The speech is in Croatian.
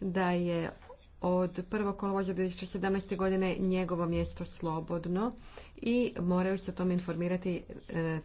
da je od 1. kolovoza 2017. godine njegovo mjesto slobodno i moraju se o tome informirati e,